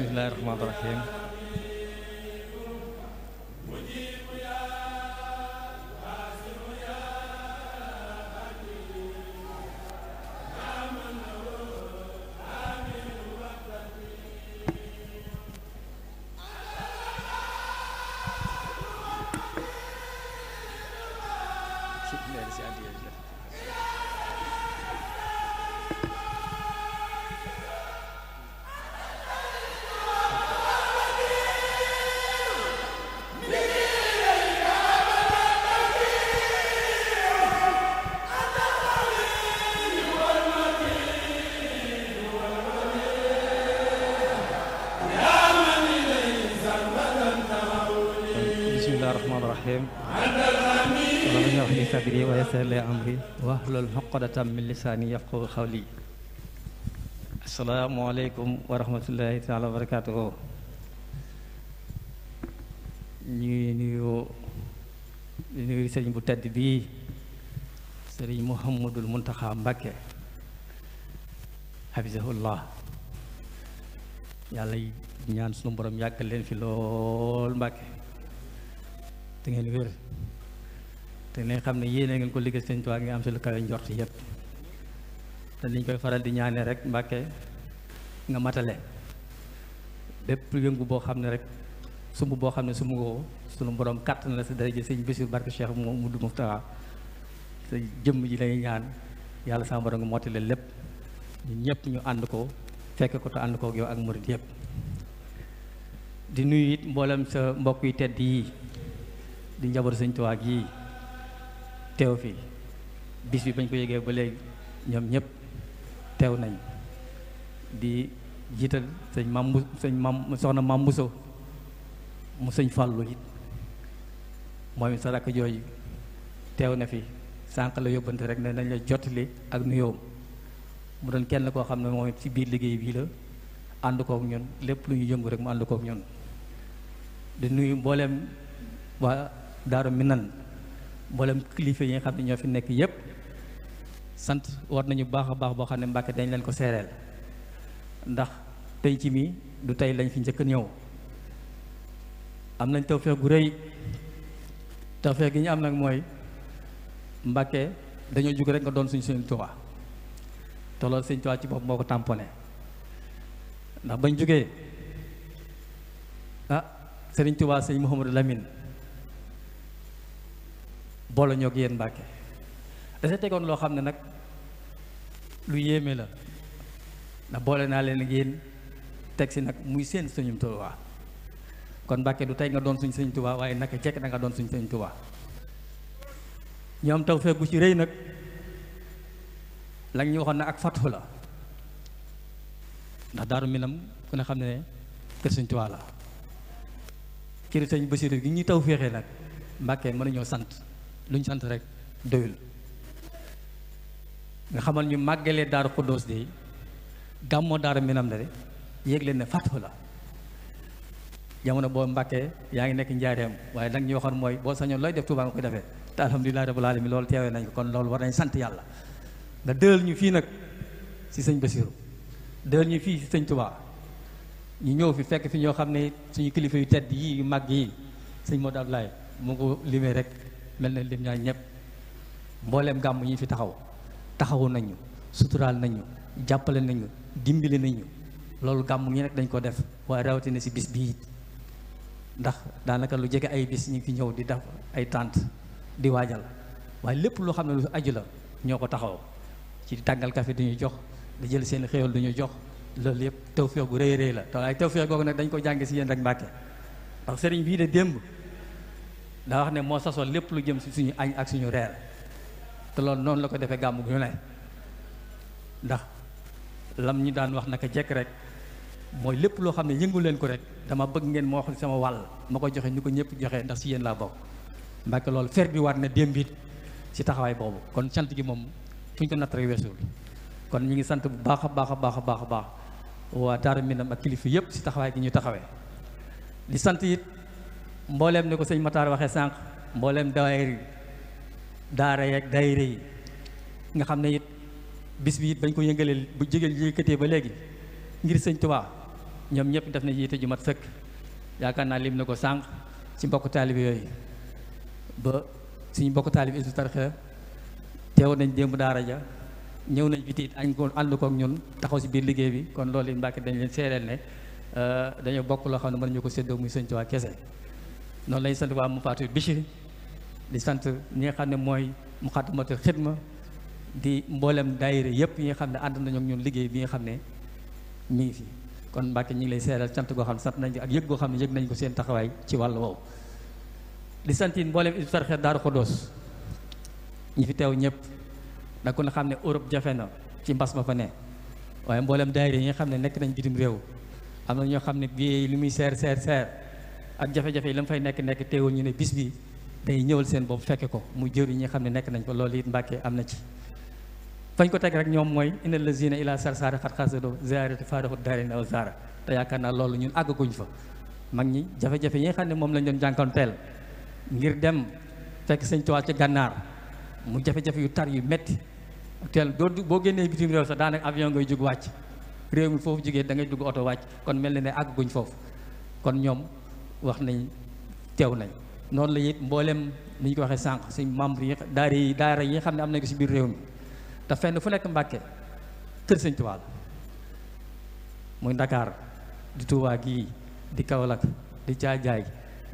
bismillahi rahmaani rahim lool uqdatan min lisaani yafqahu qawli asalaamaaleykum wa rahmatullahi taala wa barakaatuhu ñu ngi nuyu di bu tedd bii sëriñ Muhammadul Muntaxa Mbàkke hafizahullah yàlla ñaan sunu borom yàggal leen fi lool Mbàkke te ngeen wér te ne xam ne yéene ngeen ko liggéey sëñ Tuubaa nga am si lu kawe njort yépp te liñ koy faral di ñaanee rek Mbàkke nga matale bépp yëngu boo xam ne rek sumb boo xam ne sumb ko sunu borom kàtt na la si daraja sëñ Bassirou barke Cheikh Moudou Moustapha sa jëmm ji lay ñaan yàlla sama borom nga mottali lépp ñun ñëpp ñu ànd ko fekk ko te ànd kook ak yow ak murid yëpp di nuyu it mboolem sa mbokk yi tedd yi di njaboot sëñ Tuubaa yi teew fii bis bi bañ ko yëgee ba léegi ñoom ñëpp teew nañ di jiital sëñ mam sëñ mam soxna mam Buso mu sëñ Fàllu it moom it sa rakk jooju teew na fi sànq la yóbbante rek ne nañ la jottali ak nuyoom mu doon kenn koo xam ne moom it ci biir liggéey bii la ànd kook ñun lépp lu ñu yëngu rek mu ànd kook ñun di nuyu mbooleem waa Daaru Minan mboolem kilifa yi nga xam ne ñoo fi nekk yépp sant war nañu baax a baax boo xam ne Mbàkke dañ leen ko seereel ndax tey ci mi du tey lañ fi njëkk ñëw am nañ tawfeex gu rëy tawfeex gi ñu am nag mooy Mbàkke dañoo jóge rek nga doon suñ Sëñ Tuubaa te loolu Sëñ Tuubaa ci bopp moo ko tamponné ndax bañ jógee ah Sëriñ Tuubaa Sëñ Mouhamadou Lamine boole ñoog yéen Mbàkke da tegoon loo xam ne nag lu yéeme la ndax boole naa leen ak teg si nag muy seen sëñum Tuubaa kon Mbàkke du tey nga doon suñ sëñ Tuubaa waaye nag jekk da doon suñ sëñ Tuubaa ñoom taw feeg bu ci rëy nag la ñu waxoon ne ak fatu la ndax daaru minam ku ne xam ne kër sëñ Tuubaa la kër sëñ Basiru gi ñuy taw féexee nag Mbàkke mën nañoo sant luñ sant rek doyul nga xamal ñu màggalee daaru xuddoos de gàmmoo daaru minam de yéeg leen ne fàttu la jamono boo mbàkkee yaa ngi nekk njaareem waaye danga ñu waxoon mooy boo sañoon looy def Tuubaa nga koy defee te alhamdulilah rabbil alamin loolu teewee nañ ko kon loolu war nañ sant yàlla nga dël ñu fii nag si sëñ Basiru dël ñu fii si sëñ Tuubaa ñu ñëw fi fekk fi ñoo xam ne suñu kilifa yu tedd yi yu mag yi sëñ Modou Abdoulaye mu ko limee rek mel na lim ñaa ñëpp mbooleem gàmmu yi fi taxaw taxawu nañu suturaal nañu jàppale nañu dimbali nañu loolu gàmm gi nag dañ ko def waaye rawatina si bis bii ndax daanaka lu jege ay bis ñu fi ñëw di daf ay tànt di waajal waaye lépp loo xam ne lu aju la ñoo ko taxaw ci tàngal kafe du ñu jox di jël seen xéewal duñu jox loolu yëpp tawféex gu rëy rëy la te waaye tawféex googu nag dañ ko jànge si yéen rek Mbàkke ndax sëriñ bii de démb daa wax ne moo sasoon lépp lu jëm si suñu añ ak suñu reer te lool noonu la ko defee gàmmu gu ñu ne ndax lam ñu daan wax naka jekk rek mooy lépp loo xam ne yëngu leen ko rek dama bëgg ngeen moo wax sama wàll ma ko joxe ñu ko ñëpp joxe ndax si yéen laa bokk mbàkke lool fer bi war na démbit it si taxawaay boobu kon sant gi moom fu ñu ko natt rek weesul kon ñu ngi sant bu baax a baax a baax a baax a baax waa Daaru Minam ak kilifa yëpp si taxawaay gi ñu taxawee mbooleem ni ko sëñ Matar waxee sànq mbooleem daayir daara yeeg daayira yi nga xam ne it bis bi it bañ ko yëngalee bu jigéen yëkkatee ba léegi ngir sëñ ñoom ñëpp def na yiite ju mat sëkk yaakaar naa lim na ko sànq si mbokk taalibe yooyu ba suñu mbokk taalibe Hizbut Tarqiyyah teew nañ démb daara ja ñëw nañ fi tiit añ ko ànd kook ñun taxaw si biir liggéey bi kon loolu yi Mbàkke dañ leen seereel ne euh, dañoo bokk loo xam ne mën ñu ko séddoo muy sëñ Tuubaa kese noonu lañu sant waa mu faatu Bichri di sant ñi nga xam ne mooy mu xaddamatul xidma di mboolem dayre yëpp yi nga xam ne ànd nañu ak ñun liggéey bi nga xam ne mi ngi fi kon Mbàkke ñu ngi lay seeral sant goo xam ne sant nañ ak yëg goo xam ne yëg nañ ko seen taxawaay ci wàll woowu di sant yi mboolem Hizbut Tarqiyyah Daaru Xudoos ñi fi teew ñëpp nag ko ne xam ne Europe jafe na ci mbas ma fa ne waaye mboolem daayira yi nga xam ne nekk nañ bitim réew am na ñoo xam ne ak jafe-jafe yi la mu fay nekk nekk teewul ñu ne bis bi day ñëwal seen bopp fekke ko mu yi ñi xam ne nekk nañ ko loolu it Mbàkke am na ci fañ ko teg rek ñoom mooy inal la zina ila sarsaara xat xasado ziarati faaraxu daari naw zaara te yaakaar naa loolu ñun àggaguñ fa mag ñi jafe-jafe yi nga xam ne moom lañ doon jànkoonteel ngir dem fekk sëñ Tuubaa ci gànnaar mu jafe-jafe yu tar yu metti teel doo boo génnee bitim réew sax daanaka avion ngay jug wàcc réew mi foofu jugee da ngay dugg wàcc kon mel na ne àgguñ foofu kon ñoom wax nañ teew nañ noonu la it mboolem ni ñu ko waxee sànq si membre yi daara yi daara yi xam ne am nañ ko si biir réew mi te fenn fu nekk Mbàkke kër Sëñ muy Ndakaar di Tuubaa gii di Kaolack di Caajaay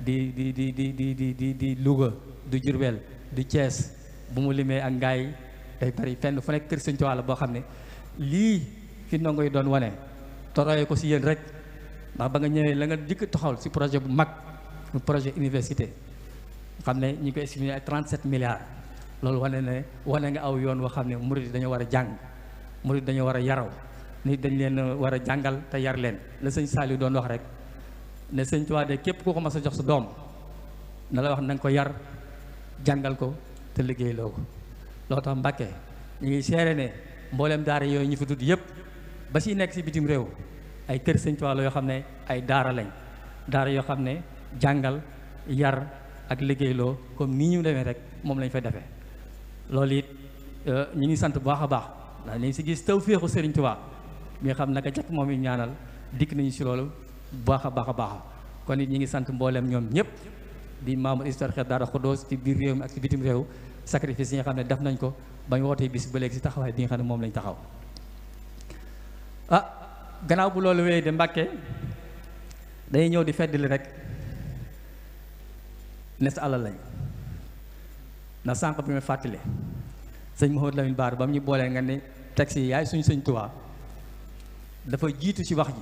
di di di di di di di di Louga du Jurbel du Thiès bu mu limee ak ngaay day bari fenn fu nekk kër Sëñ boo xam ne lii fi ndongo yi doon wane te ko si yéen rek ndax ba nga ñëwee la nga jëkk taxawal si projet bu mag projet université xam ne ñu ngi ko estimé ay 37 milliards loolu wane ne wane nga aw yoon woo xam ne murid dañoo war a jàng murid dañoo war a yaraw nit dañ leen war a jàngal te yar leen la sëñ Saliou doon wax rek ne sëñ Tuubaa de képp koo ko mas a jox sa doom na la wax na ko yar jàngal ko te liggéey loo ko loo tax Mbàkke ñu ngi seere ne mbooleem daar yooyu ñu fi tudd yëpp ba siy nekk si bitim réew ay kër sëñ la yoo xam ne ay daara lañ daara yoo xam ne jàngal yar ak liggéeyloo comme nii ñu demee rek moom lañ fa defee loolu it euh, ñu ngi sant bu baax a baax ndax nii si gis tawféexu sëriñ Tuubaa mi xam naka jekk moom it ñaanal dikk nañu si loolu bu baax a baax a baax kon it ñu ngi sant mboolem ñoom ñëpp di membre historique daara Xuddoos ci biir réew mi ak ci bitim réew sacrifice yi xam ne def nañ ko bañ wootee bis ba léegi si taxawaay bi nga xam ne moom lañ taxaw ah, gannaaw bu loolu wéyee di Mbàkke dañuy ñëw di feddali rek ne sa alal lañ ndax sanq bi ma fàttali sëñ Mouhamadou Lamine Bara ba mu ñu boolee nga ni taxi yi yaay suñ sëñ Tuubaa dafa jiitu ci wax ji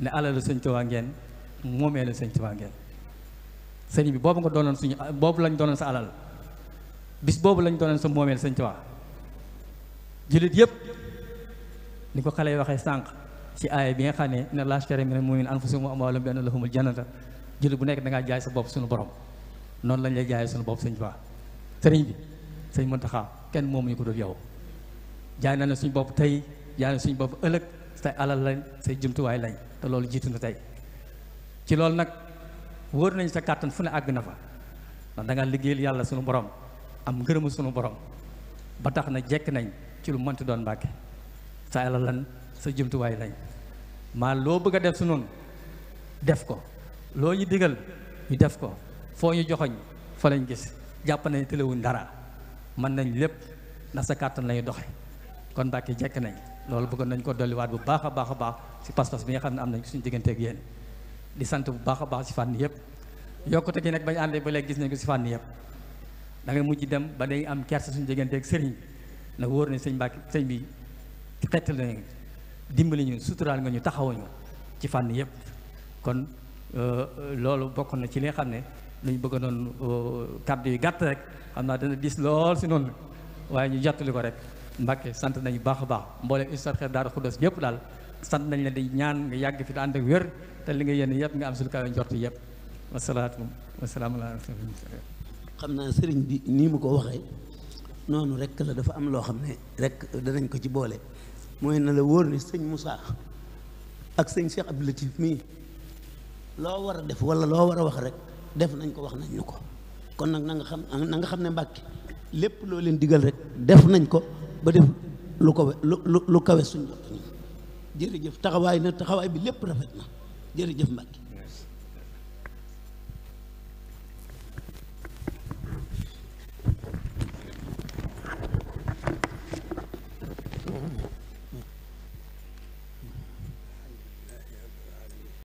ne alalu sëñ Tuubaa ngeen moomee la sëñ Tuubaa ngeen sëñ bi boobu nga doonoon suñu boobu lañ doonoon sa alal bis boobu lañ doonoon sa moomeel sëñ Tuubaa jullit yépp ni ko xale yi waxee sànq si aaya bi nga xam ne na laajtere mina mu'minina anfusahum wa amwaalahum bi anna lahumul jannata jullit bu nekk da jaay sa bopp suñu borom noonu lañ lay jaayee suñu bopp sëñ Tuubaa sëriñ bi sëñ Muntaxa kenn moomuñu ko dul yow jaay na ne suñu bopp tey jaay na suñu bopp ëllëg say alal lañ say jumtuwaay lañ te loolu jiitu na tey ci loolu nag wóor nañ sa kàttan fu ne àgg na fa ndax da liggéey yàlla suñu borom am ngërëmu sunu borom ba tax na jekk nañ ci lu mënti doon mbàkke sa alal lan sa jumtuwaay lañ maa loo bëgg a def su noonu def ko loo ñu digal ñu def ko foo ñu joxoñ fa lañu gis jàpp nañ tëlewuñ dara mën nañ lépp ndax sa kàttan doxe kon Mbàkke jekk nañ loolu bëggoon nañ ko dolliwaat bu baax a baax a baax si pas-pas bi nga xam ne am nañ suñu digganteeg yéen di sant bu baax a baax si fànn yëpp yokkute gi nag bañ àndee ba léegi gis nañ ko si fànn yëpp da ngay mujj dem ba day am kersa suñu digganteeg sëriñ na wóor ne sëñ Mbàkke sëñ bi tegtal na dimbali ñu suturaal nga ñu taxawuñu ci fànn yëpp kon euh, euh, loolu bokkoon na ci li xam ne lu ñu bëgg a doon euh, kàddu yi gàtt rek xam naa dana diis lool si noonu waaye ñu jottali ko rek Mbàkke sant nañu baax a baax mbooleem Hizbut Tarqiyyah Daaru Xudoos yëpp daal sant nañ la di ñaan nga yàgg fi da ànd wér te li nga yéene yëpp nga am sul kawe njort yëpp wasalaatu wasalaamu ala xam naa sëriñ bi nii mu ko waxee noonu rek la dafa am loo xam ne rek danañ ko ci boole mooy na la wóor ni sëñ Moussa ak sëñ Cheikh Abdou mii loo war a def wala loo war a wax rek def nañ ko wax nañ ñu ko kon nag na nga xam na nga xam ne Mbàkke lépp loo leen digal rek def nañ ko ba def lu ko lu lu kawe suñ jot jërëjëf taxawaay na taxawaay bi lépp rafet na jërëjëf Mbàkke